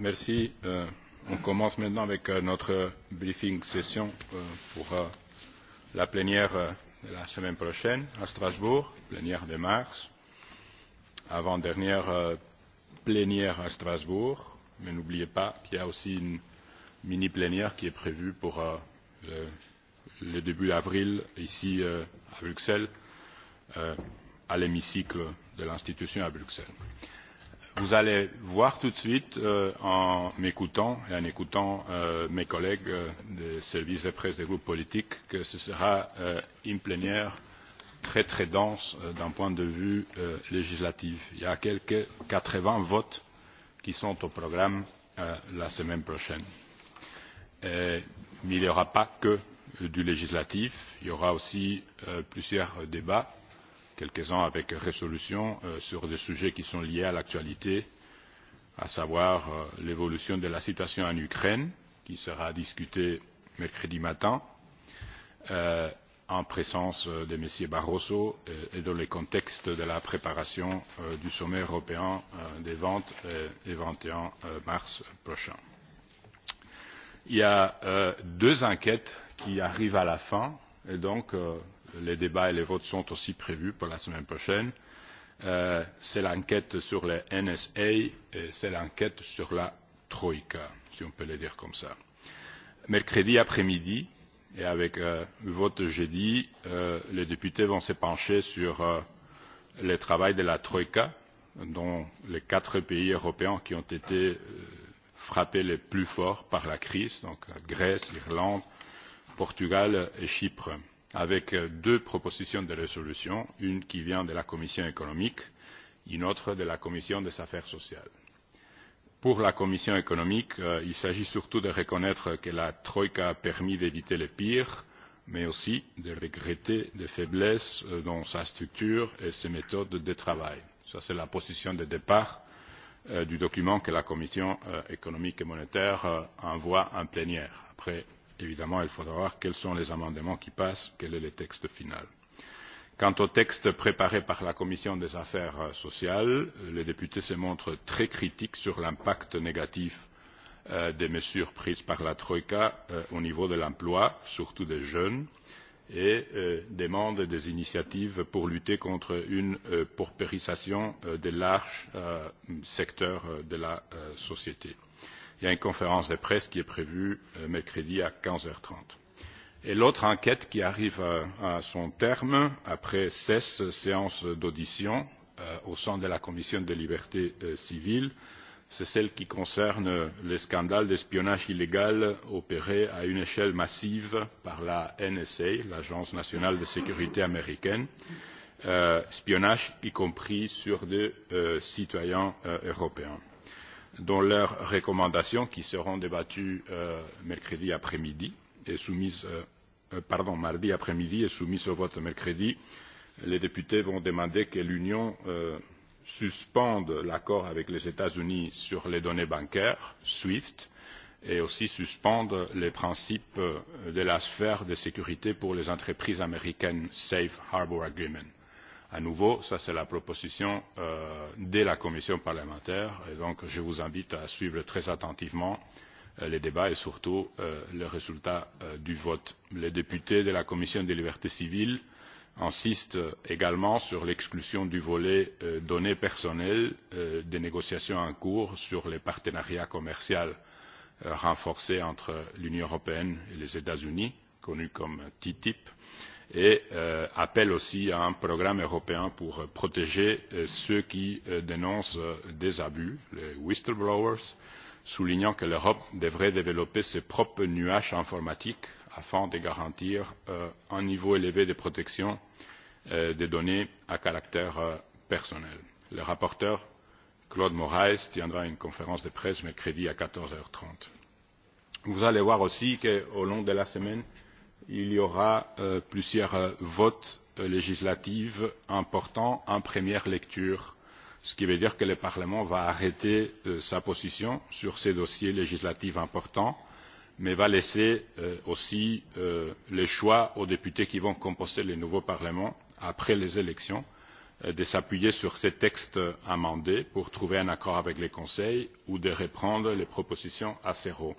merci. on commence maintenant avec notre briefing session pour la plénière de la semaine prochaine à Strasbourg, plénière de mars, avant-dernière plénière à Strasbourg. Mais n'oubliez pas qu'il y a aussi une mini plénière qui est prévue pour le, début avril ici à Bruxelles, à l'hémicycle de l'institution à Bruxelles vous allez voir tout de suite en m'écoutant et en écoutant mes collègues des services de presse des groupes politiques que ce sera une plénière très très dense d'un point de vue législatif. il y a quelque quatre vingts votes qui sont au programme la semaine prochaine. mais il n'y aura pas que du législatif il y aura aussi plusieurs débats quelques-uns avec résolution sur des sujets qui sont liés à l'actualité, à savoir l'évolution de la situation en Ukraine, qui sera discutée mercredi matin, en présence de M. Barroso et dans le contexte de la préparation du sommet européen des ventes le vingt et un mars prochain. Il y a deux enquêtes qui arrivent à la fin et donc les débats et les votes sont aussi prévus pour la semaine prochaine. c'est l'enquête sur le NSA et c'est l'enquête sur la Troïka, si on peut le dire comme ça. Mercredi après-midi, et avec le vote jeudi, les députés vont se pencher sur le travail de la Troïka dans les quatre pays européens qui ont été frappés les plus fort par la crise, donc Grèce, Irlande, Portugal et Chypre avec deux propositions de résolution une qui vient de la commission économique et une autre de la commission des affaires sociales. pour la commission économique il s'agit surtout de reconnaître que la troïka a permis d'éviter le pire mais aussi de regretter les faiblesses dans sa structure et ses méthodes de travail. c'est la position de départ du document que la commission économique et monétaire envoie en plénière après évidemment il faudra voir quels sont les amendements qui passent quel est le texte final. quant au texte préparé par la commission des affaires sociales les députés se montrent très critiques sur l'impact négatif des mesures prises par la troïka au niveau de l'emploi surtout des jeunes et demandent des initiatives pour lutter contre une paupérisation de larges secteurs de la société il y a une conférence de presse qui est prévue mercredi à quinze heures trente. Et l'autre enquête qui arrive à, son terme après seize séances d'audition au sein de la Commission des libertés civiles, c'est celle qui concerne le scandale d'espionnage illégal opéré à une échelle massive par la NSA, l'Agence nationale de sécurité américaine, espionnage y compris sur des citoyens européens dans leurs recommandations qui seront débattues mercredi après midi et soumises pardon mardi après midi et soumises au vote mercredi les députés vont demander que l'union suspende l'accord avec les états unis sur les données bancaires swift et aussi suspendre les principes de la sphère de sécurité pour les entreprises américaines safe harbour agreement à nouveau, ça c'est la proposition de la commission parlementaire. Et donc je vous invite à suivre très attentivement les débats et surtout le résultat du vote. Les députés de la commission des libertés civiles insistent également sur l'exclusion du volet données personnelles des négociations en cours sur les partenariats commerciaux renforcés entre l'Union européenne et les États-Unis, connus comme TTIP et appelle aussi à un programme européen pour protéger ceux qui dénoncent des abus, les whistleblowers, soulignant que l'Europe devrait développer ses propres nuages informatiques afin de garantir un niveau élevé de protection des données à caractère personnel. Le rapporteur Claude Moraes tiendra une conférence de presse mercredi à quatorze h trente. Vous allez voir aussi qu'au long de la semaine, il y aura plusieurs votes législatifs importants en première lecture ce qui veut dire que le parlement va arrêter sa position sur ces dossiers législatifs importants mais va laisser aussi le choix aux députés qui vont composer le nouveau parlement après les élections de s'appuyer sur ces textes amendés pour trouver un accord avec le Conseil ou de reprendre les propositions à zéro.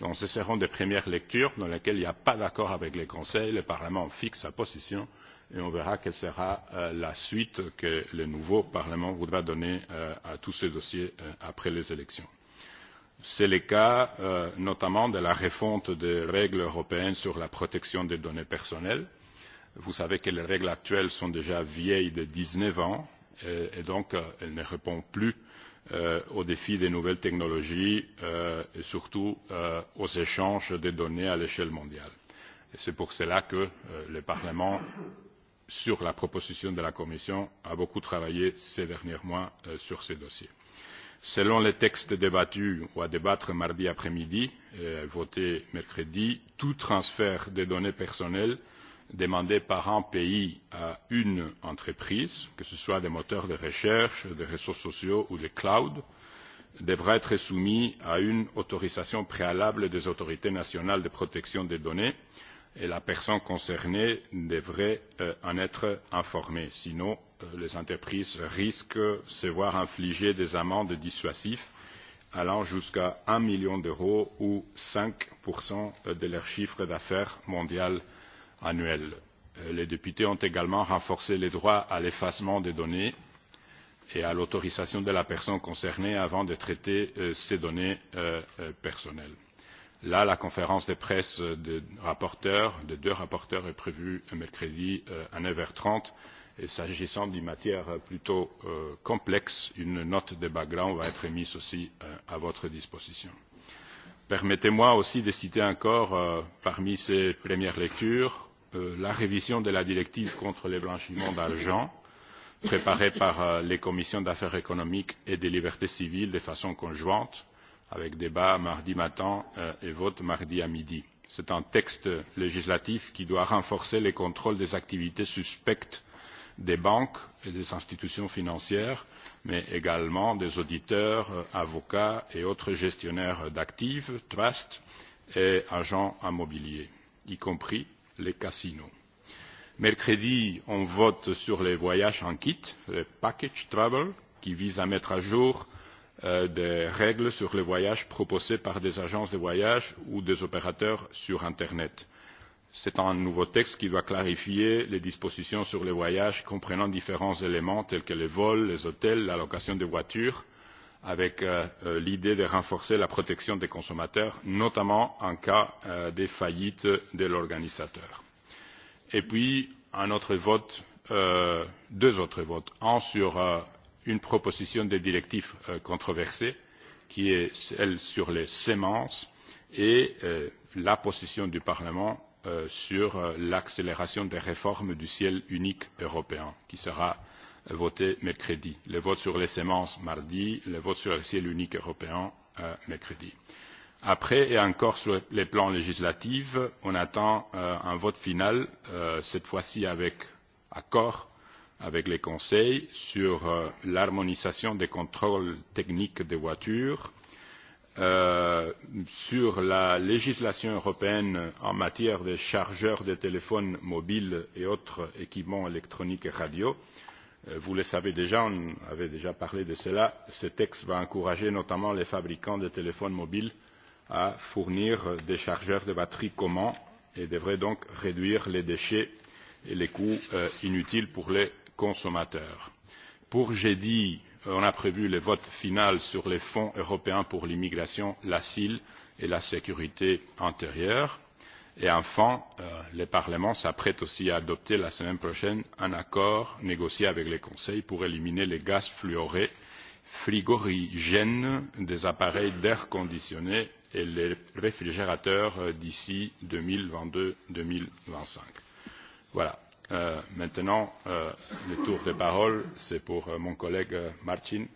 Donc ce seront des premières lectures dans lesquelles il n'y a pas d'accord avec le Conseil. Le Parlement fixe sa position et on verra quelle sera la suite que le nouveau Parlement voudra donner à tous ces dossiers après les élections. C'est le cas notamment de la refonte des règles européennes sur la protection des données personnelles Vous savez que les règles actuelles sont déjà vieilles de dix neuf ans et, donc elles ne répondent plus aux défis des nouvelles technologies et surtout aux échanges de données à l'échelle mondiale. C'est pour cela que le Parlement, sur la proposition de la Commission, a beaucoup travaillé ces derniers mois sur ce dossier. Selon les textes débattus ou à débattre mardi après-midi et votés mercredi, tout transfert de données personnelles demandée par un pays à une entreprise que ce soit des moteurs de recherche des réseaux sociaux ou des cloud devra être soumise à une autorisation préalable des autorités nationales de protection des données et la personne concernée devrait en être informée. sinon les entreprises risquent de se voir infliger des amendes dissuasives allant jusqu'à un million d'euros ou cinq de leur chiffre d'affaires mondial annuel. les députés ont également renforcé les droits à l'effacement des données et à l'autorisation de la personne concernée avant de traiter ces données personnelles. Là, la conférence de presse des rapporteurs, deux rapporteurs, est prévue mercredi à neuf h trente. Et s'agissant d'une matière plutôt complexe, une note de background va être mise aussi à votre disposition. Permettez-moi aussi de citer encore, parmi ces premières lectures, la révision de la directive contre le blanchiment d'argent préparée par les commissions des affaires économiques et des libertés civiles de façon conjointe avec débat mardi matin et vote mardi à midi. C'est un texte législatif qui doit renforcer les contrôles des activités suspectes des banques et des institutions financières, mais également des auditeurs, avocats et autres gestionnaires d'actifs, trusts et agents immobiliers, y compris les casinos. Mercredi, on vote sur les voyages en kit, le package travel, qui vise à mettre à jour des règles sur les voyages proposés par des agences de voyage ou des opérateurs sur Internet. C'est un nouveau texte qui doit clarifier les dispositions sur les voyages comprenant différents éléments tels que les vols, les hôtels, la location des voitures avec l'idée de renforcer la protection des consommateurs, notamment en cas de faillite de l'organisateur. Et puis, un autre vote, deux autres votes. Un sur une proposition de directive controversée, qui est celle sur les semences, et la position du Parlement sur l'accélération des réformes du ciel unique européen, qui sera voté mercredi le vote sur les semences mardi le vote sur le ciel unique européen mercredi. après et encore sur le plan législatif on attend un vote final cette fois ci avec accord avec le conseil sur l'harmonisation des contrôles techniques des voitures sur la législation européenne en matière de chargeurs de téléphones mobiles et autres équipements électroniques et radio vous le savez déjà on avait déjà parlé de cela ce texte va encourager notamment les fabricants de téléphones mobiles à fournir des chargeurs de batterie communs et devrait donc réduire les déchets et les coûts inutiles pour les consommateurs. pour jeudi on a prévu le vote final sur le fonds européen pour l'immigration l'asile et la sécurité intérieure Et enfin, le Parlement s'apprête aussi à adopter la semaine prochaine un accord négocié avec le Conseil pour éliminer les gaz fluorés frigorigènes des appareils d'air conditionné et les réfrigérateurs d'ici deux mille vingt deux deux mille vingt cinq. Voilà. maintenant, le tour de parole, c'est pour mon collègue Martin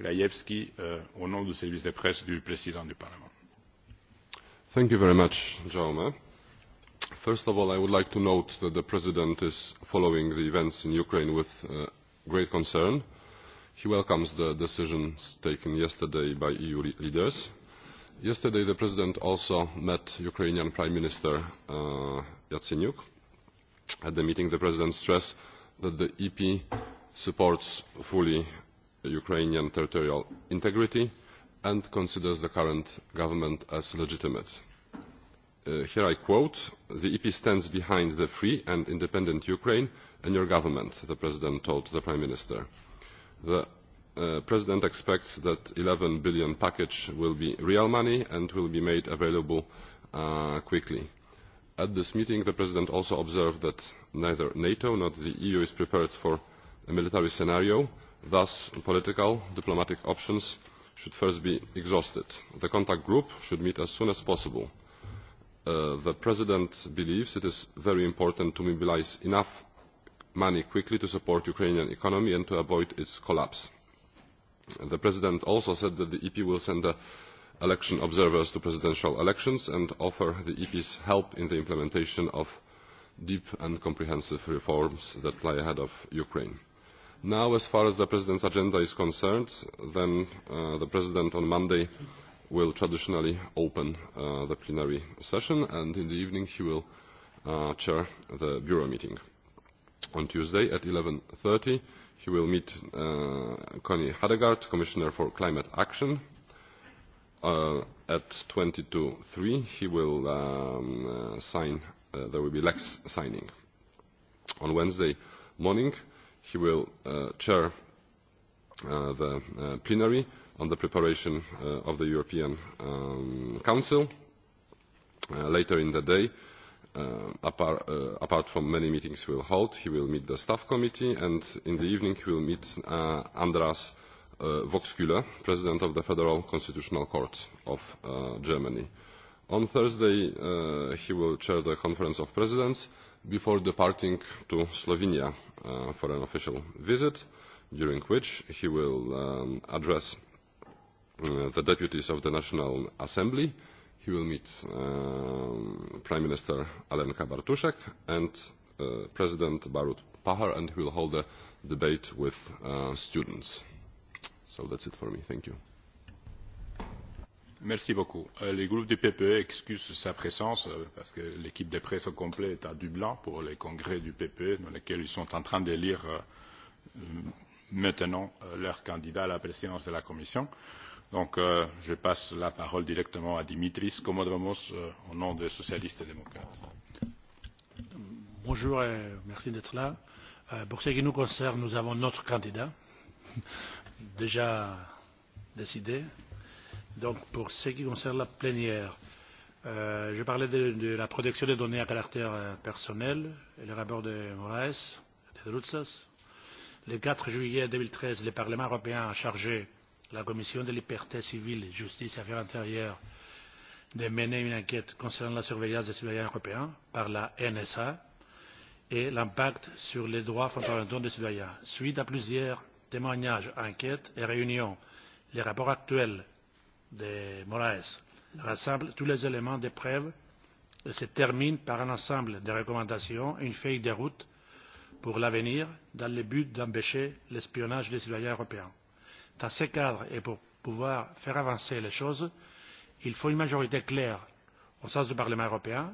Grajewski, au nom du service de presse du président du Parlement. Thank you very much, Jaume. First of all, I would like to note that the President is following the events in Ukraine with great concern. He welcomes the decisions taken yesterday by EU leaders. Yesterday, the President also met Ukrainian Prime Minister Yatsenyuk. At the meeting, the President stressed that the EP supports fully Ukrainian territorial integrity and considers the current government as legitimate here I quote, the EP stands behind the free and independent Ukraine and your government, the President told the Prime Minister. The President expects that the eleven billion package will be real money and will be made available quickly. At this meeting, the President also observed that neither NATO nor the EU is prepared for a military scenario. Thus, political, diplomatic options should first be exhausted. The contact group should meet as soon as possible the president believes it is very important to mobilise enough money quickly to support the ukrainian economy and to avoid its collapse. the president also said that the ep will send election observers to presidential elections and offer the ep's help in the implementation of deep and comprehensive reforms that lie ahead of ukraine. now as far as the president's agenda is concerned the president on monday will traditionally open uh, the plenary session, and in the evening he will uh, chair the Bureau meeting. On Tuesday at 11.30, he will meet uh, Connie Hadegaard, Commissioner for Climate Action. Uh, at 22.03, he will um, uh, sign, uh, there will be Lex signing. On Wednesday morning, he will uh, chair the plenary on the preparation of the European Council later in the day. apart, from many meetings we will hold, he will meet the staff committee and in the evening he will meet Andras Voxküller, President of the Federal Constitutional Court of Germany. On Thursday he will chair the Conference of Presidents before departing to Slovenia for an official visit during which he will um, address uh, the deputies of the National Assembly. He will meet um, Prime Minister Alenka Bartuszek and uh, President Barut Pahar, and he will hold a debate with uh, students. So that's it for me. Thank you. Merci beaucoup. Les groupes du PPE excusent sa présence parce que l'équipe de presse au complet est à Dublin pour les congrès du PPE dans lesquels ils sont en train de d'élire maintenant leur candidat à la présidence de la commission. donc je passe la parole directement à dimitris komodovos au nom des socialistes et démocrates. bonjour et merci d'être là. pour ce qui nous concerne nous avons notre candidat déjà décidé. donc pour ce qui concerne la plénière je parlais de, la protection des données à caractère personnel et le rapport de Moraes, et de Rutsas le quatre juillet deux mille treize le parlement européen a chargé la commission de libertés civiles justice et affaires intérieures de mener une enquête concernant la surveillance des citoyens européens par la nsa et l'impact sur les droits fondamentaux des citoyens. suite à plusieurs témoignages enquêtes et réunions le rapport actuel de moraes rassemble tous les éléments de preuve et se termine par un ensemble de recommandations et une feuille de route pour l'avenir dans le but d'empêcher l'espionnage des citoyens européens. Dans ce cadre et pour pouvoir faire avancer les choses, il faut une majorité claire au sein du Parlement européen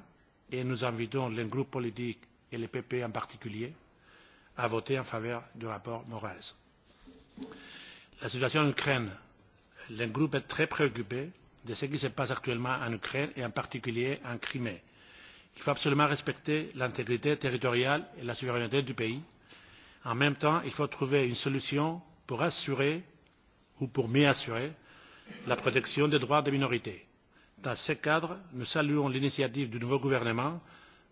et nous invitons les groupes politiques et les PP en particulier à voter en faveur du rapport Moraes. La situation en Ukraine. Le groupe est très préoccupé de ce qui se passe actuellement en Ukraine et en particulier en Crimée il faut absolument respecter l'intégrité territoriale et la souveraineté du pays. en même temps il faut trouver une solution pour assurer ou pour mieux assurer la protection des droits des minorités. dans ce cadre nous saluons l'initiative du nouveau gouvernement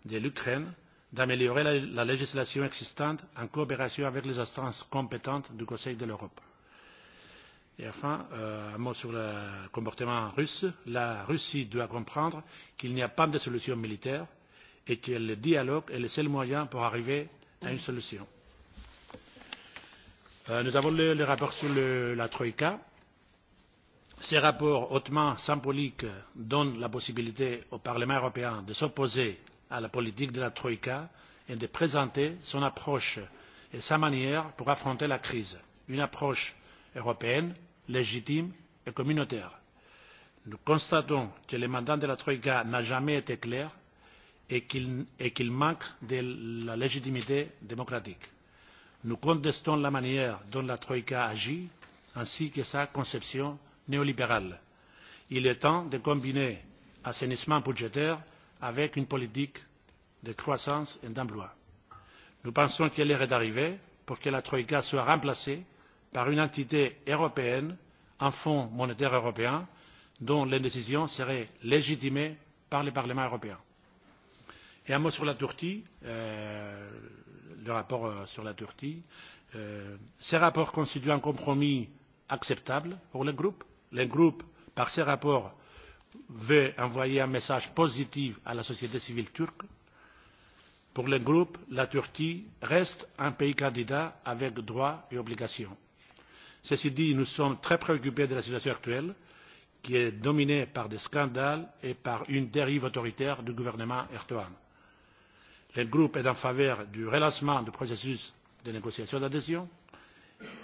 de l'ukraine d'améliorer la législation existante en coopération avec les instances compétentes du conseil de l'europe Et enfin, un mot sur le comportement russe. La Russie doit comprendre qu'il n'y a pas de solution militaire et que le dialogue est le seul moyen pour arriver à une solution. nous avons lu le, rapport sur la Troïka. Ce rapport hautement symbolique donne la possibilité au Parlement européen de s'opposer à la politique de la Troïka et de présenter son approche et sa manière pour affronter la crise. Une approche européenne légitime et communautaire. Nous constatons que le mandat de la Troïka n'a jamais été clair et qu'il manque de la légitimité démocratique. Nous contestons la manière dont la Troïka agit ainsi que sa conception néolibérale. Il est temps de combiner assainissement budgétaire avec une politique de croissance et d'emploi. Nous pensons qu'il est d'arrivée pour que la Troïka soit remplacée par une entité européenne, un fonds monétaire européen, dont les décisions seraient légitimées par le Parlement européen. Et un mot sur la Turquie, le rapport sur la Turquie. ce rapport constitue un compromis acceptable pour le groupe. Le groupe, par ce rapport, veut envoyer un message positif à la société civile turque. Pour le groupe, la Turquie reste un pays candidat avec droits et obligations ceci dit nous sommes très préoccupés de la situation actuelle qui est dominée par des scandales et par une dérive autoritaire du gouvernement erdoan. le groupe est en faveur du relancement du processus de négociation d'adhésion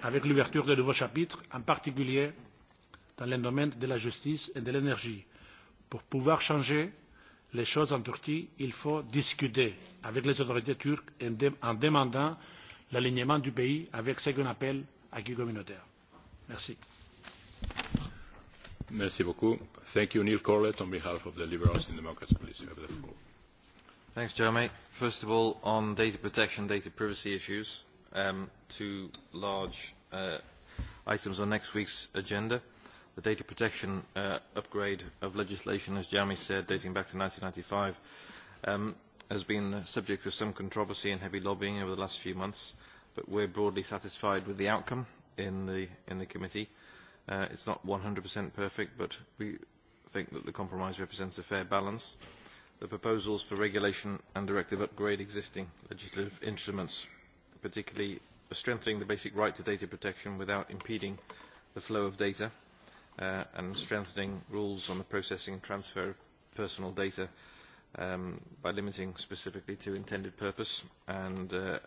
avec l'ouverture de nouveaux chapitres en particulier dans les domaines de la justice et de l'énergie. pour pouvoir changer les choses en turquie il faut discuter avec les autorités turques en demandant l'alignement du pays avec ce qu'on appelle acquis communautaire. Merci. Merci Thank you, Neil Corlett, on behalf of the Liberals and Democrats. Please, Thanks, Jeremy. First of all, on data protection, data privacy issues, two large items on next week's agenda. The data protection upgrade of legislation, as Jeremy said, dating back to ninety five, has been the subject of some controversy and heavy lobbying over the last few months, but we are broadly satisfied with the outcome in the in the committee. Uh, it's not 100% perfect, but we think that the compromise represents a fair balance. The proposals for regulation and directive upgrade existing legislative instruments, particularly strengthening the basic right to data protection without impeding the flow of data, uh, and strengthening rules on the processing and transfer of personal data um, by limiting specifically to intended purpose and uh,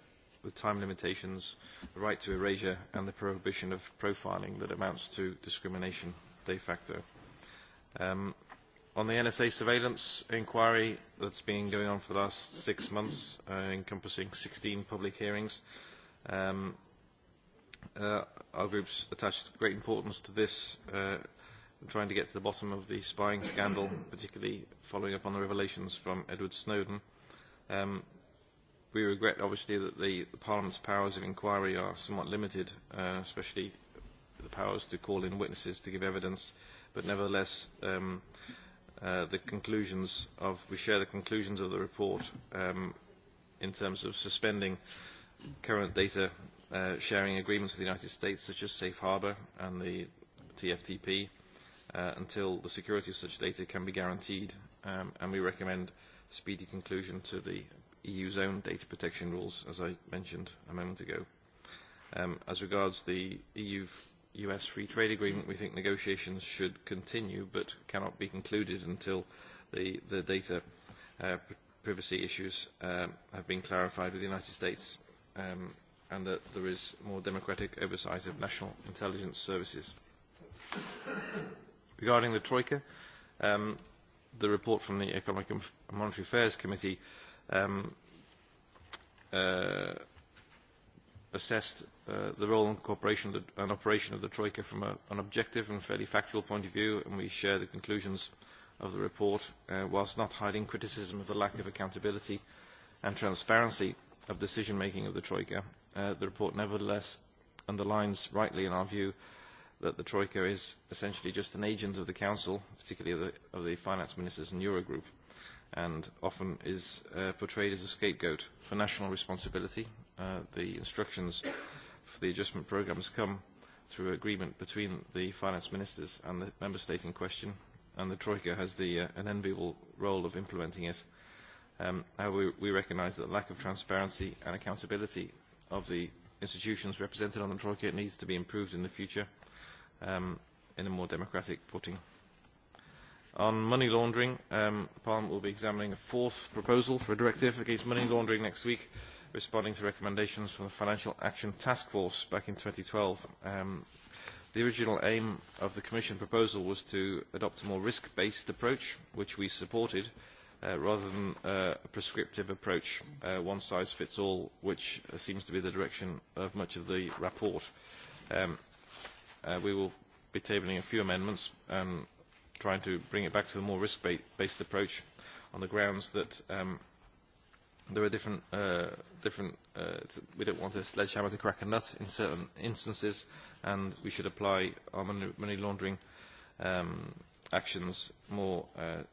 with time limitations, the right to erasure, and the prohibition of profiling that amounts to discrimination de facto. Um, on the NSA surveillance inquiry that's been going on for the last six months, uh, encompassing 16 public hearings, um, uh, our groups attached great importance to this, uh, trying to get to the bottom of the spying scandal, particularly following up on the revelations from Edward Snowden. Um, we regret, obviously, that the, the Parliament's powers of inquiry are somewhat limited, uh, especially the powers to call in witnesses to give evidence. But nevertheless, um, uh, the conclusions of we share the conclusions of the report um, in terms of suspending current data uh, sharing agreements with the United States, such as Safe Harbour and the TFTP, uh, until the security of such data can be guaranteed. Um, and we recommend speedy conclusion to the EU's own data protection rules, as I mentioned a moment ago. Um, as regards the EU-US free trade agreement, we think negotiations should continue but cannot be concluded until the, the data uh, privacy issues um, have been clarified with the United States um, and that there is more democratic oversight of national intelligence services. Regarding the Troika, um, the report from the Economic and Monetary Affairs Committee uh, assessed the role and cooperation and operation of the Troika from a, an objective and fairly factual point of view, and we share the conclusions of the report, uh, whilst not hiding criticism of the lack of accountability and transparency of decision-making of the Troika. Uh, the report nevertheless underlines rightly, in our view, that the Troika is essentially just an agent of the Council, particularly of the, of the finance ministers and Eurogroup and often is uh, portrayed as a scapegoat for national responsibility. Uh, the instructions for the adjustment programmes come through agreement between the finance ministers and the member state in question, and the Troika has the, uh, an enviable role of implementing it. Um, however, we, we recognise that the lack of transparency and accountability of the institutions represented on the Troika needs to be improved in the future um, in a more democratic footing. On money laundering, Parliament will be examining a fourth proposal for a directive against money laundering next week, responding to recommendations from the Financial Action Task Force back in and twelve. the original aim of the Commission proposal was to adopt a more risk-based approach, which we supported, rather than a prescriptive approach, a one size fits all, which seems to be the direction of much of the report. we will be tabling a few amendments. and trying to bring it back to a more risk-based approach on the grounds that um, there are different, uh, different uh, we don't want a sledgehammer to crack a nut in certain instances, and we should apply our money laundering um, actions more uh,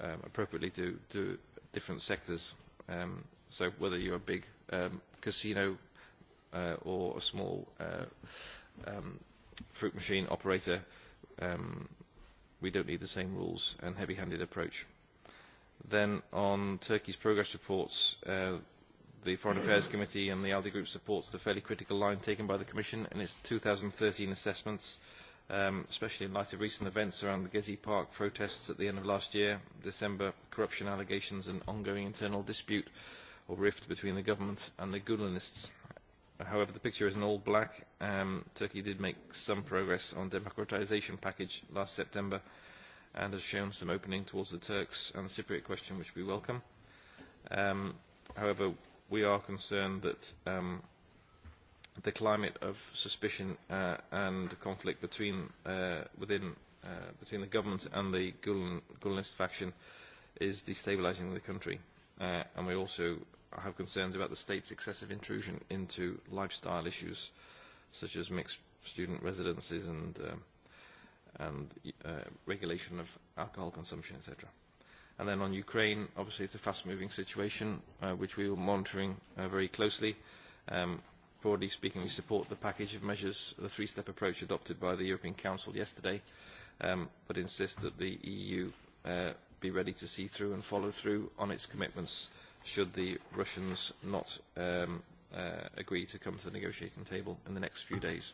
um, appropriately to, to different sectors. Um, so whether you're a big um, casino uh, or a small uh, um, fruit machine operator, um, we don't need the same rules and heavy-handed approach. Then on Turkey's progress reports, uh, the Foreign Affairs Committee and the ALDE Group supports the fairly critical line taken by the Commission in its 2013 assessments, um, especially in light of recent events around the Gezi Park protests at the end of last year, December corruption allegations and ongoing internal dispute or rift between the government and the Gulenists However, the picture is in all black. Um, Turkey did make some progress on the democratisation package last September and has shown some opening towards the Turks and the Cypriot question, which we welcome. Um, however, we are concerned that um, the climate of suspicion uh, and conflict between, uh, within, uh, between the government and the Gulen, Gulenist faction is destabilising the country. Uh, and we also I have concerns about the state's excessive intrusion into lifestyle issues such as mixed student residences and, uh, and uh, regulation of alcohol consumption, etc. And then on Ukraine, obviously it's a fast-moving situation uh, which we are monitoring uh, very closely. Um, broadly speaking, we support the package of measures, the three-step approach adopted by the European Council yesterday, um, but insist that the EU uh, be ready to see through and follow through on its commitments should the Russians not um, uh, agree to come to the negotiating table in the next few days.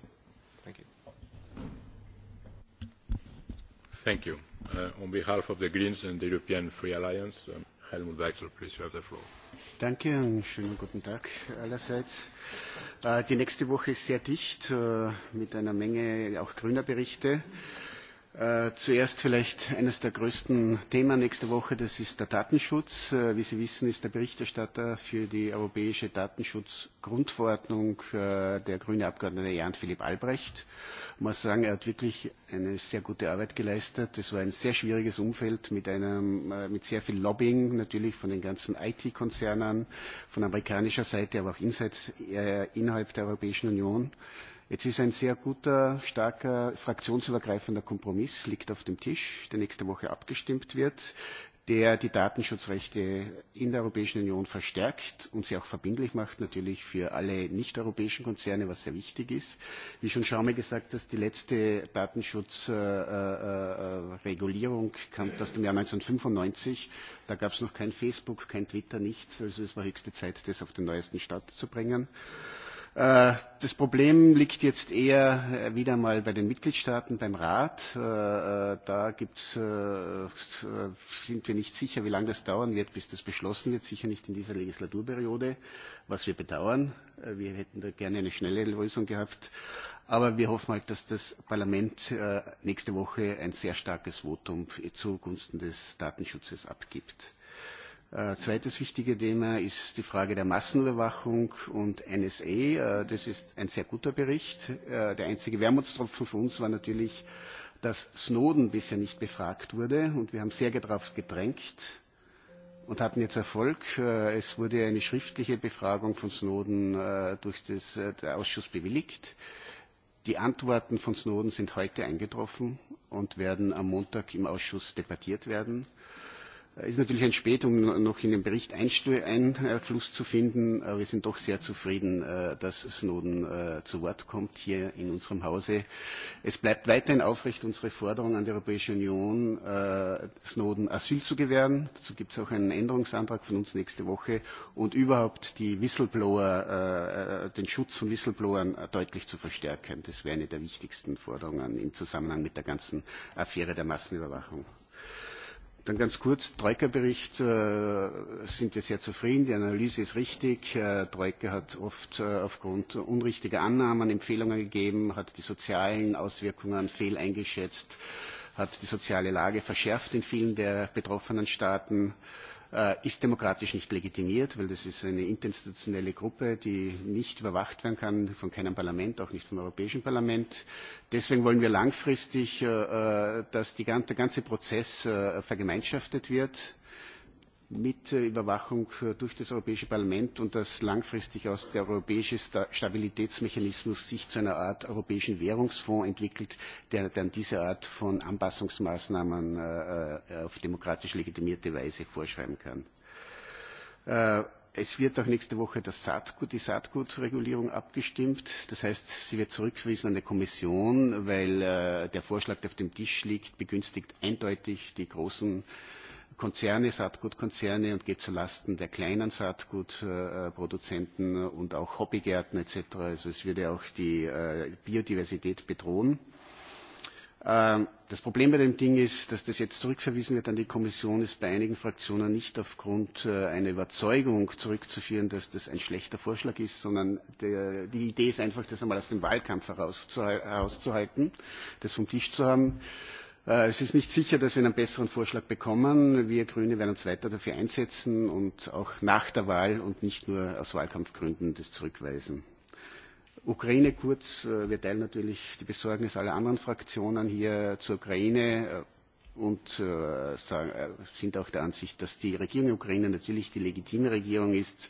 Thank you. Thank you. Uh, on behalf of the Greens and the European Free Alliance, um, Helmut Weichel, please, have the floor. you and schönen guten Tag allerseits. Uh, die nächste Woche ist sehr dicht uh, mit einer Menge auch grüner Berichte. Uh, Zuerst vielleicht eines der größten Themen nächste Woche, das ist der Datenschutz. Wie Sie wissen, ist der Berichterstatter für die europäische Datenschutzgrundverordnung der grüne Abgeordnete Jan Philipp Albrecht. Ich muss sagen, er hat wirklich eine sehr gute Arbeit geleistet. Es war ein sehr schwieriges Umfeld mit, einem, mit sehr viel Lobbying, natürlich von den ganzen IT-Konzernen, von amerikanischer Seite, aber auch innerhalb der Europäischen Union Jetzt ist ein sehr guter, starker, fraktionsübergreifender Kompromiss, liegt auf dem Tisch, der nächste Woche abgestimmt wird, der die Datenschutzrechte in der Europäischen Union verstärkt und sie auch verbindlich macht, natürlich für alle nicht-europäischen Konzerne, was sehr wichtig ist. Wie schon Schaume gesagt hat, die letzte Datenschutzregulierung kam aus dem Jahr 1995. Da gab es noch kein Facebook, kein Twitter, nichts. Also es war höchste Zeit, das auf den neuesten Stand zu bringen. Das Problem liegt jetzt eher wieder mal bei den Mitgliedstaaten, beim Rat. Da gibt's, sind wir nicht sicher, wie lange das dauern wird, bis das beschlossen wird. Sicher nicht in dieser Legislaturperiode, was wir bedauern. Wir hätten da gerne eine schnelle Lösung gehabt. Aber wir hoffen halt, dass das Parlament nächste Woche ein sehr starkes Votum zugunsten des Datenschutzes abgibt. Zweites wichtige Thema ist die Frage der Massenüberwachung und NSA. Das ist ein sehr guter Bericht. Der einzige Wermutstropfen für uns war natürlich, dass Snowden bisher nicht befragt wurde. Und wir haben sehr darauf gedrängt und hatten jetzt Erfolg. Es wurde eine schriftliche Befragung von Snowden durch das, den Ausschuss bewilligt. Die Antworten von Snowden sind heute eingetroffen und werden am Montag im Ausschuss debattiert werden ist natürlich ein Spät, um noch in den Bericht Einfluss zu finden, aber wir sind doch sehr zufrieden, dass Snowden zu Wort kommt hier in unserem Hause. Es bleibt weiterhin aufrecht unsere Forderung an die Europäische Union, Snowden Asyl zu gewähren. Dazu gibt es auch einen Änderungsantrag von uns nächste Woche und überhaupt die Whistleblower, den Schutz von Whistleblowern deutlich zu verstärken. Das wäre eine der wichtigsten Forderungen im Zusammenhang mit der ganzen Affäre der Massenüberwachung. Dann ganz kurz, Troika-Bericht sind wir sehr zufrieden. Die Analyse ist richtig. Troika hat oft aufgrund unrichtiger Annahmen Empfehlungen gegeben, hat die sozialen Auswirkungen fehl eingeschätzt, hat die soziale Lage verschärft in vielen der betroffenen Staaten ist demokratisch nicht legitimiert, weil das ist eine interinstitutionelle Gruppe, die nicht überwacht werden kann von keinem Parlament, auch nicht vom Europäischen Parlament. Deswegen wollen wir langfristig, dass der ganze Prozess vergemeinschaftet wird mit Überwachung durch das Europäische Parlament und dass langfristig aus der europäische Stabilitätsmechanismus sich zu einer Art europäischen Währungsfonds entwickelt, der dann diese Art von Anpassungsmaßnahmen auf demokratisch legitimierte Weise vorschreiben kann. Es wird auch nächste Woche das Saatgut, die Saatgutregulierung abgestimmt. Das heißt, sie wird zurückgewiesen an die Kommission, weil der Vorschlag, der auf dem Tisch liegt, begünstigt eindeutig die großen äh, Konzerne, Saatgutkonzerne und geht zulasten der kleinen Saatgutproduzenten und auch Hobbygärten etc. Also es würde auch die Biodiversität bedrohen. Das Problem bei dem Ding ist, dass das jetzt zurückverwiesen wird an die Kommission, ist bei einigen Fraktionen nicht aufgrund einer Überzeugung zurückzuführen, dass das ein schlechter Vorschlag ist, sondern die Idee ist einfach, das einmal aus dem Wahlkampf herauszuhalten, das vom Tisch zu haben Es ist nicht sicher, dass wir einen besseren Vorschlag bekommen. Wir Grüne werden uns weiter dafür einsetzen und auch nach der Wahl und nicht nur aus Wahlkampfgründen das zurückweisen. Ukraine kurz. Wir teilen natürlich die Besorgnis aller anderen Fraktionen hier zur Ukraine und sind auch der Ansicht, dass die Regierung der Ukraine natürlich die legitime Regierung ist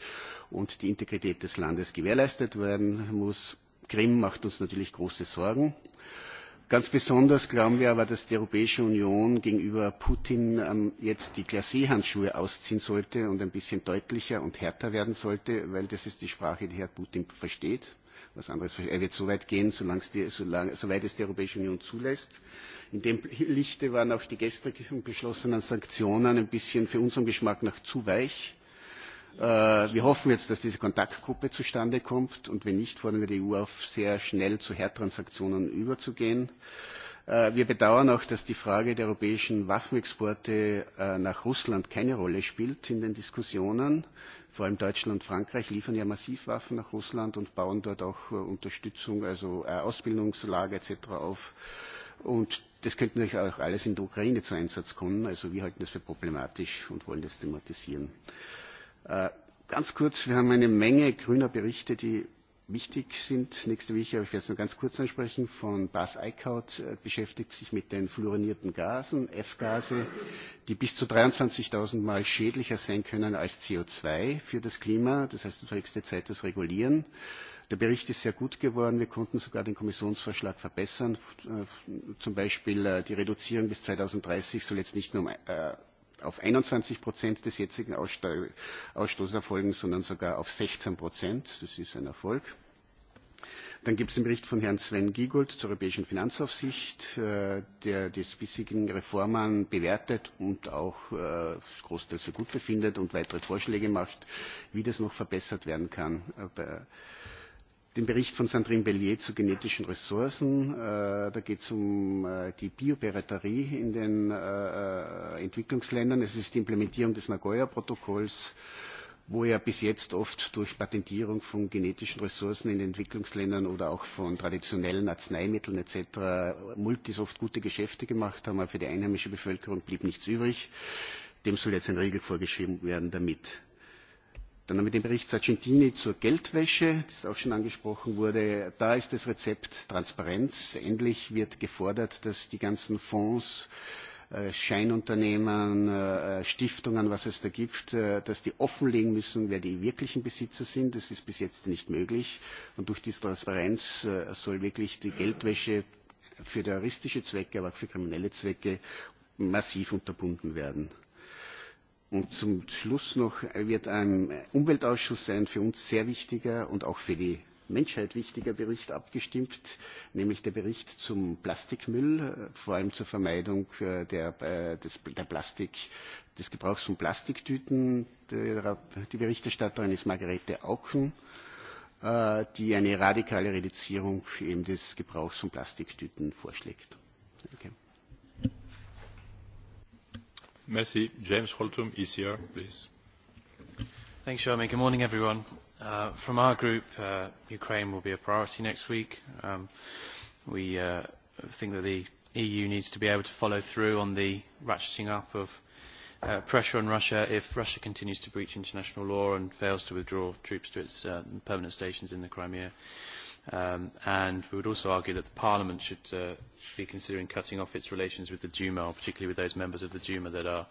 und die Integrität des Landes gewährleistet werden muss. Krim macht uns natürlich große Sorgen. Äh, ganz besonders glauben wir aber dass die europäische union gegenüber putin jetzt die glachandschuhe ausziehen sollte und ein bisschen deutlicher und härter werden sollte weil das ist die sprache die herr putin versteht. Was anderes, er wird so weit gehen, solange es die, solange, soweit es die Europäische Union zulässt. In dem Lichte waren auch die gestrigen beschlossenen Sanktionen ein bisschen für unseren Geschmack nach zu weich Wir hoffen jetzt, dass diese Kontaktgruppe zustande kommt und wenn nicht, fordern wir die EU auf, sehr schnell zu Herdtransaktionen überzugehen. Wir bedauern auch, dass die Frage der europäischen Waffenexporte nach Russland keine Rolle spielt in den Diskussionen. Vor allem Deutschland und Frankreich liefern ja massiv Waffen nach Russland und bauen dort auch Unterstützung, also Ausbildungslager etc. auf. Und das könnte natürlich auch alles in der Ukraine zu Einsatz kommen. Also wir halten das für problematisch und wollen das thematisieren. Äh, Ganz kurz, wir haben eine Menge grüner Berichte, die wichtig sind. Nächste Woche, aber ich werde es nur ganz kurz ansprechen, von Bas Eickhout beschäftigt sich mit den fluorinierten Gasen, F-Gase, die bis zu 23.000 Mal schädlicher sein können als CO2 für das Klima. Das heißt, es ist höchste Zeit, das regulieren. Der Bericht ist sehr gut geworden. Wir konnten sogar den Kommissionsvorschlag verbessern. Zum Beispiel die Reduzierung bis 2030 soll jetzt nicht nur um auf 21 Prozent des jetzigen Ausstoßes erfolgen, sondern sogar auf 16 Prozent. Das ist ein Erfolg. Dann gibt es den Bericht von Herrn Sven Giegold zur europäischen Finanzaufsicht, der die bisherigen Reformen bewertet und auch großteils für gut befindet und weitere Vorschläge macht, wie das noch verbessert werden kann den Bericht von Sandrine Bellier zu genetischen Ressourcen. Da geht es um die Biopiraterie in den Entwicklungsländern. Es ist die Implementierung des Nagoya-Protokolls, wo ja bis jetzt oft durch Patentierung von genetischen Ressourcen in Entwicklungsländern oder auch von traditionellen Arzneimitteln etc. Multis oft gute Geschäfte gemacht haben, aber für die einheimische Bevölkerung blieb nichts übrig. Dem soll jetzt ein Riegel vorgeschrieben werden damit Dann haben wir den Bericht Sargentini zur Geldwäsche, das auch schon angesprochen wurde. Da ist das Rezept Transparenz. Endlich wird gefordert, dass die ganzen Fonds, Scheinunternehmen, Stiftungen, was es da gibt, dass die offenlegen müssen, wer die wirklichen Besitzer sind. Das ist bis jetzt nicht möglich. Und durch diese Transparenz soll wirklich die Geldwäsche für terroristische Zwecke, aber auch für kriminelle Zwecke massiv unterbunden werden. Und zum Schluss noch wird ein Umweltausschuss ein für uns sehr wichtiger und auch für die Menschheit wichtiger Bericht abgestimmt, nämlich der Bericht zum Plastikmüll, vor allem zur Vermeidung der, des, der Plastik, des Gebrauchs von Plastiktüten. Die Berichterstatterin ist Margarete Auken, die eine radikale Reduzierung eben des Gebrauchs von Plastiktüten vorschlägt. Okay. James Holtum, ECR, please. from our group, Ukraine will be a priority next week. we think that the EU needs to be able to follow through on the ratcheting up of pressure on Russia if Russia continues to breach international law and fails to withdraw troops to its permanent stations in the Crimea and we would also argue that Parliament should be considering cutting off its relations with the Duma, particularly with those members of the Duma that are,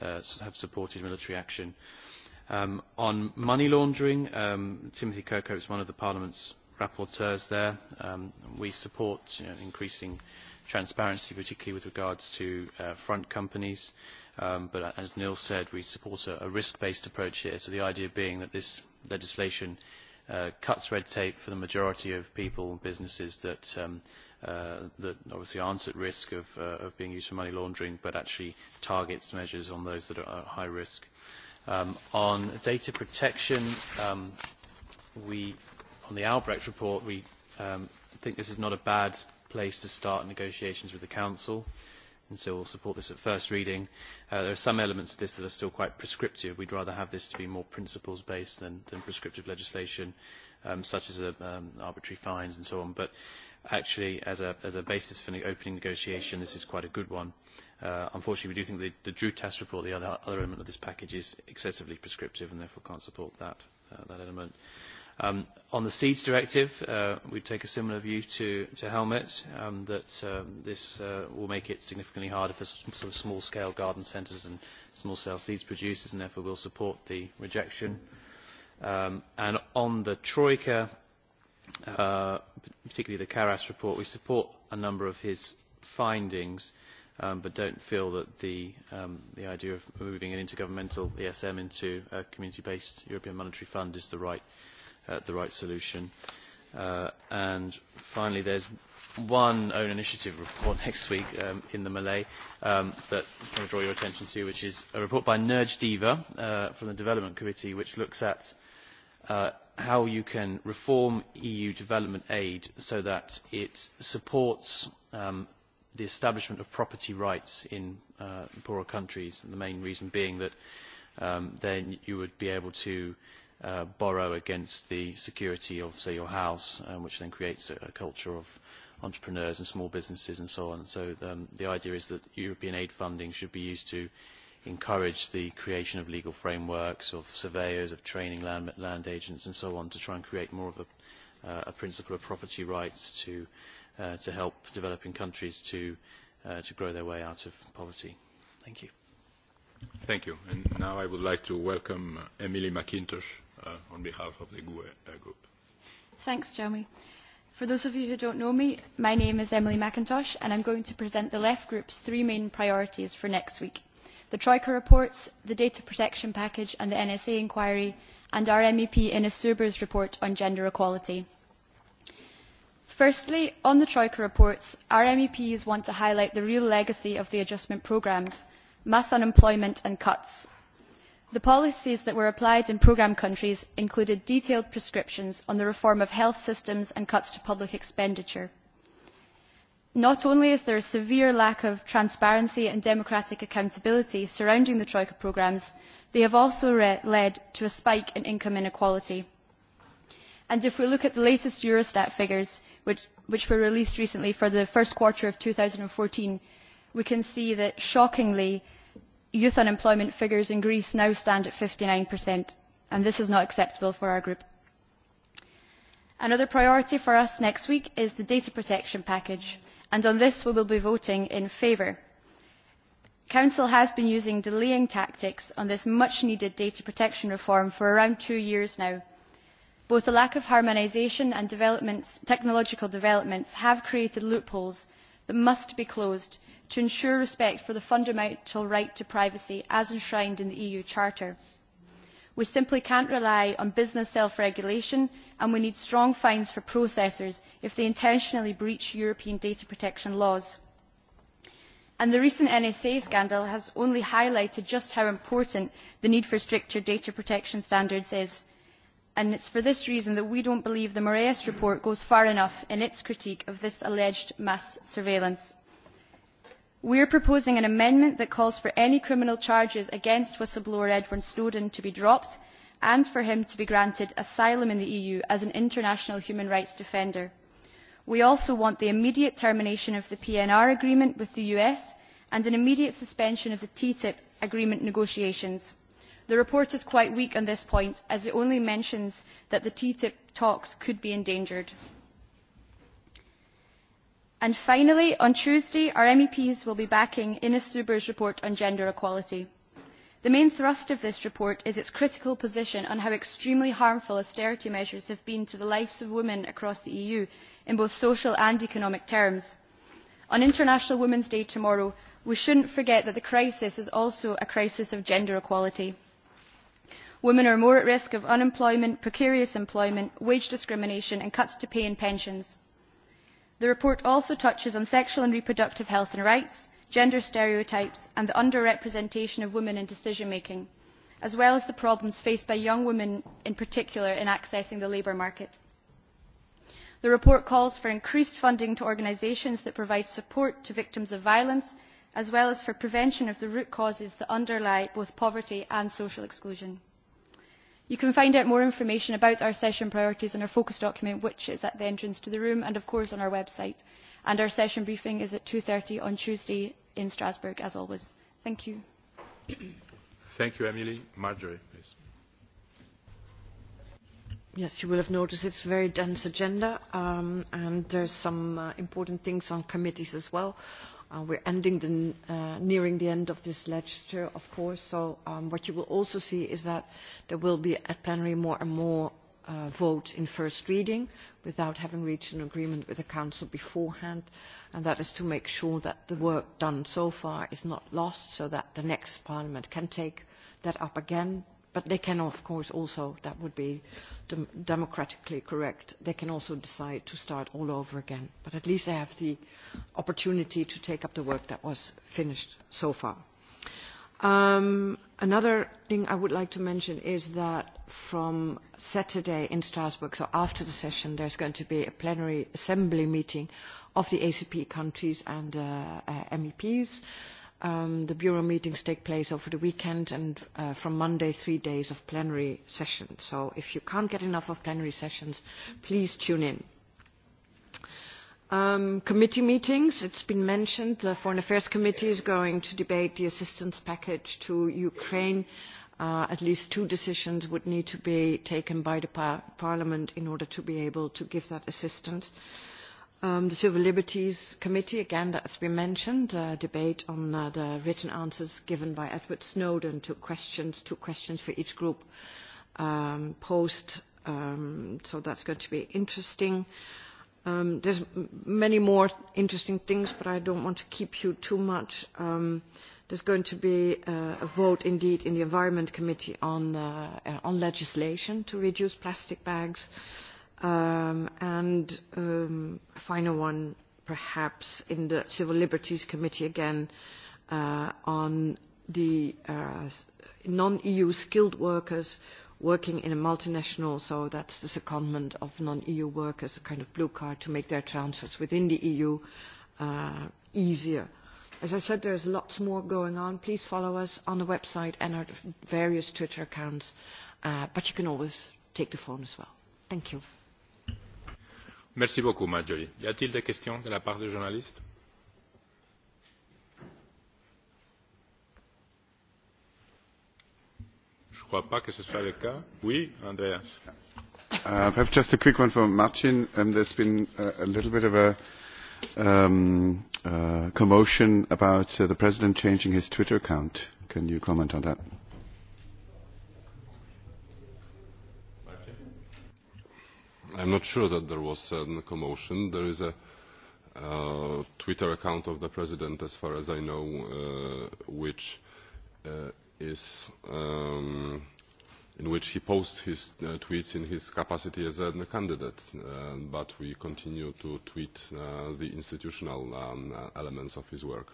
have supported military action. on money laundering, Timothy Kirkhope is one of the Parliament's rapporteurs there. we support increasing transparency, particularly with regards to front companies. but as Neil said, we support a, risk-based approach here, so the idea being that this legislation cuts red tape for the majority of people and businesses that, um, uh, that obviously aren't at risk of, uh, of being used for money laundering, but actually targets measures on those that are at high risk. Um, on data protection, um, we, on the Albrecht report, we um, think this is not a bad place to start negotiations with the Council. Uh, and so we will support this at first reading. there are some elements of this that are still quite prescriptive. We'd rather have this to be more principles-based than, than prescriptive legislation, such as arbitrary fines and so on. But actually, as a, as a basis for opening negotiation, this is quite a good one. unfortunately, we do think the, the Drew Test report, the other, other element of this package, is excessively prescriptive and therefore can't support that, that element on the seeds directive, we take a similar view to, helmut Helmet, that this will make it significantly harder for sort of small-scale garden centres and small-scale seeds producers, and therefore will support the rejection. on the Troika, particularly the Karas report, we support a number of his findings, but but don't feel that the idea of moving an intergovernmental ESM into a community-based European Monetary Fund is the right the right solution. and finally, there's one own initiative report next week um, in the Malay um, that I want to draw your attention to, which is a report by Nerj Diva uh, from the Development Committee, which looks at uh, how you can reform EU development aid so that it supports um, the establishment of property rights in uh, poorer countries, and the main reason being that um, then you would be able to uh, uh, borrow against the security of, say, your house, um, which then creates a, a culture of entrepreneurs and small businesses and so on. So um, the idea is that European aid funding should be used to encourage the creation of legal frameworks, of surveyors, of training land, land agents and so on to try and create more of a, uh, a principle of property rights to, uh, to help developing countries to, uh, to grow their way out of poverty. Thank you. Thank you. And now I would like to welcome Emily McIntosh uh, on behalf of the GUE uh, group. Thanks, Jeremy. For those of you who don't know me, my name is Emily McIntosh and I'm going to present the Left Group's three main priorities for next week. The Troika reports, the Data Protection Package and the NSA inquiry, and our MEP Ines Suber's report on gender equality. Firstly, on the Troika reports, our MEPs want to highlight the real legacy of the adjustment programmes, mass unemployment and cuts, the policies that were applied in programme countries included detailed prescriptions on the reform of health systems and cuts to public expenditure. not only is there a severe lack of transparency and democratic accountability surrounding the troika programmes they have also led to a spike in income inequality. if we look at the latest eurostat figures which were released recently for the first quarter of two thousand and fourteen we can see that shockingly youth unemployment figures in Greece now stand at fifty nine and this is not acceptable for our group. Another priority for us next week is the data protection package, and on this we will be voting in favour. The Council has been using delaying tactics on this much-needed data protection reform for around two years now. Both the lack of harmonisation and technological developments have created loopholes that must be closed to ensure respect for the fundamental right to privacy as enshrined in the EU Charter. We simply cannot rely on business self-regulation and we need strong fines for processors if they intentionally breach European data protection laws. the recent NSA scandal has only highlighted just how important the need for stricter data protection standards is and it is for this reason that we do not believe the moraes report goes far enough in its critique of this alleged mass surveillance. we are proposing an amendment that calls for any criminal charges against whistle blower edward snowden to be dropped and for him to be granted asylum in the eu as an international human rights defender. we also want the immediate termination of the pnr agreement with the us and an immediate suspension of the ttip agreement negotiations the report is quite weak on this point as it only mentions that the ttip talks could be endangered. finally on tuesday our meps will be backing ines zuber's report on gender equality. the main thrust of this report is its critical position on how extremely harmful austerity measures have been to the lives of women across the eu in both social and economic terms. on international women's day tomorrow we should not forget that the crisis is also a crisis of gender equality women are more at risk of unemployment precarious employment wage discrimination and cuts to pay and pensions. the report also touches on sexual and reproductive health and rights gender stereotypes and the under representation of women in decision making as well as the problems faced by young women in particular in accessing the labour market. the report calls for increased funding to organisations that provide support to victims of violence as well as for prevention of the root causes that underlie both poverty and social exclusion you can find out more information about our session priorities in our focus document which is at the entrance to the room and of course on our website and our session briefing is at two thirty on tuesday in strasbourg as always. thank you. thank you emily. marjorie please. Yes, you will have noticed it's a very dense agenda, um, and there's some uh, important things on committees as well Uh, we're ending the, uh, nearing the end of this legislature, of course, so um, what you will also see is that there will be at plenary more and more uh, votes in first reading without having reached an agreement with the Council beforehand, and that is to make sure that the work done so far is not lost so that the next Parliament can take that up again But they can, of course, also, that would be democratically correct, they can also decide to start all over again. But at least they have the opportunity to take up the work that was finished so far. Um, another thing I would like to mention is that from Saturday in Strasbourg, so after the session, there's going to be a plenary assembly meeting of the ACP countries and uh, uh, MEPs Um, the Bureau meetings take place over the weekend and uh, from Monday, three days of plenary sessions. So if you can't get enough of plenary sessions, please tune in. Um, committee meetings, it's been mentioned, the Foreign Affairs Committee is going to debate the assistance package to Ukraine. Uh, at least two decisions would need to be taken by the par Parliament in order to be able to give that assistance. Uh, Um, the Civil Liberties Committee, again, that has been mentioned, uh, debate on uh, the written answers given by Edward Snowden to questions, two questions for each group um, post. Um, so that's going to be interesting. Um, there's many more interesting things, but I don't want to keep you too much. Um, there's going to be uh, a vote, indeed, in the Environment Committee on, uh, on legislation to reduce plastic bags. Uh, Um, and um, a final one, perhaps, in the Civil Liberties Committee again uh, on the uh, non-EU skilled workers working in a multinational, so that's the secondment of non-EU workers, a kind of blue card to make their transfers within the EU uh, easier. As I said, there's lots more going on. Please follow us on the website and our various Twitter accounts, uh, but you can always take the phone as well. Thank you. Merci beaucoup, Marjorie. Y a-t-il des questions de la part des journalistes Je ne crois pas que ce soit le cas. Oui, Andreas. Uh, perhaps just a quick one for Martin. Um, there's been a, a little bit of a um, uh, commotion about uh, the president changing his Twitter account. Can you comment on that? I'm not sure that there was a commotion. There is a uh, Twitter account of the president, as far as I know, uh, which uh, is um, in which he posts his uh, tweets in his capacity as a candidate, uh, but we continue to tweet uh, the institutional um, elements of his work.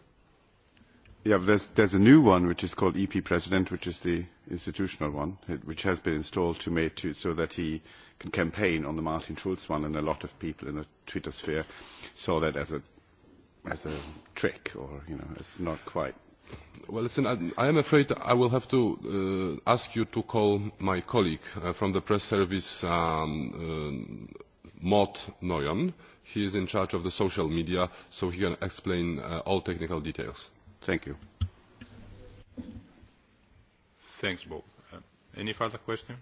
Yeah, there's, there's a new one which is called EP President, which is the institutional one, which has been installed to make to, so that he can campaign on the Martin Schulz one, and a lot of people in the Twitter sphere saw that as a as a trick, or you know, it's not quite. Well, listen, I am afraid I will have to uh, ask you to call my colleague uh, from the press service, um, uh, Mott Noyon. He is in charge of the social media, so he can explain uh, all technical details. Thank you. Thanks, Bob. Uh, any further question?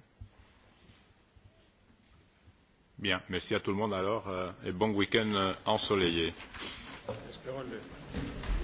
Bien, merci à tout le monde alors euh, et bon week-end euh, ensoleillé. Espérons-le.